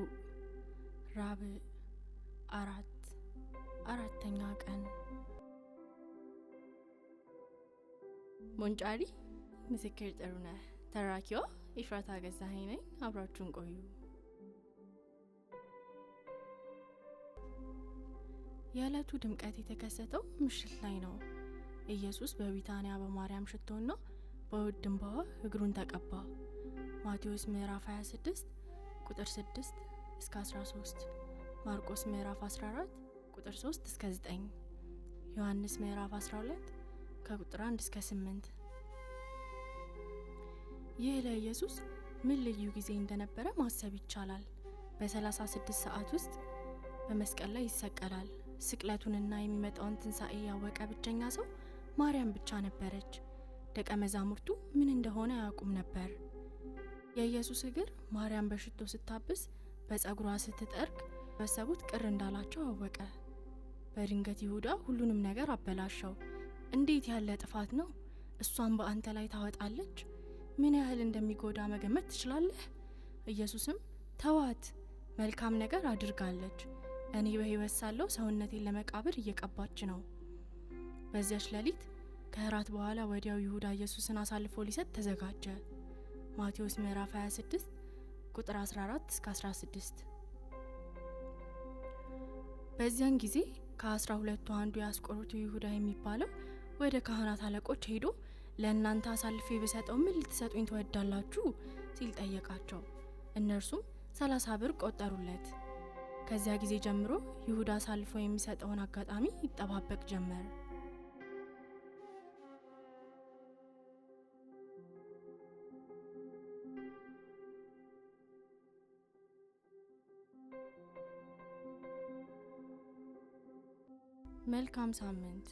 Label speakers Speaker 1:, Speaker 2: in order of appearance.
Speaker 1: ረቡዕ ራብዕ አራት አራተኛ ቀን ሞንጫሪ ምስክር ነ! ተራኪዋ ኢፍራታ ገዛኸኝ ነኝ። አብራችሁን ቆዩ። የዕለቱ ድምቀት የተከሰተው ምሽት ላይ ነው። ኢየሱስ በቢታንያ በማርያም ሽቶና በውድ ድንባዋ እግሩን ተቀባ። ማቴዎስ ምዕራፍ 26 ቁጥር 6 እስከ 13፣ ማርቆስ ምዕራፍ 14 ቁጥር 3 እስከ 9፣ ዮሐንስ ምዕራፍ 12 ከቁጥር 1 እስከ 8። ይህ ለኢየሱስ ምን ልዩ ጊዜ እንደነበረ ማሰብ ይቻላል። በ36 ሰዓት ውስጥ በመስቀል ላይ ይሰቀላል። ስቅለቱንና የሚመጣውን ትንሣኤ ያወቀ ብቸኛ ሰው ማርያም ብቻ ነበረች። ደቀ መዛሙርቱ ምን እንደሆነ አያውቁም ነበር። የኢየሱስ እግር ማርያም በሽቶ ስታብስ በጸጉሯ ስትጠርግ በሰቡት ቅር እንዳላቸው አወቀ። በድንገት ይሁዳ ሁሉንም ነገር አበላሸው። እንዴት ያለ ጥፋት ነው! እሷን በአንተ ላይ ታወጣለች። ምን ያህል እንደሚጎዳ መገመት ትችላለህ። ኢየሱስም ተዋት፣ መልካም ነገር አድርጋለች። እኔ በሕይወት ሳለሁ ሰውነቴን ለመቃብር እየቀባች ነው። በዚያች ሌሊት ከእራት በኋላ ወዲያው ይሁዳ ኢየሱስን አሳልፎ ሊሰጥ ተዘጋጀ። ማቴዎስ ምዕራፍ 26 ቁጥር 14 እስከ 16። በዚያን ጊዜ ከአስራ ሁለቱ አንዱ የአስቆሮቱ ይሁዳ የሚባለው ወደ ካህናት አለቆች ሄዶ ለእናንተ አሳልፌ የበሰጠው ምን ልትሰጡኝ ትወዳላችሁ ሲል ጠየቃቸው። እነርሱም ሰላሳ ብር ቆጠሩለት። ከዚያ ጊዜ ጀምሮ ይሁዳ አሳልፎ የሚሰጠውን አጋጣሚ ይጠባበቅ ጀመር። መልካም ሳምንት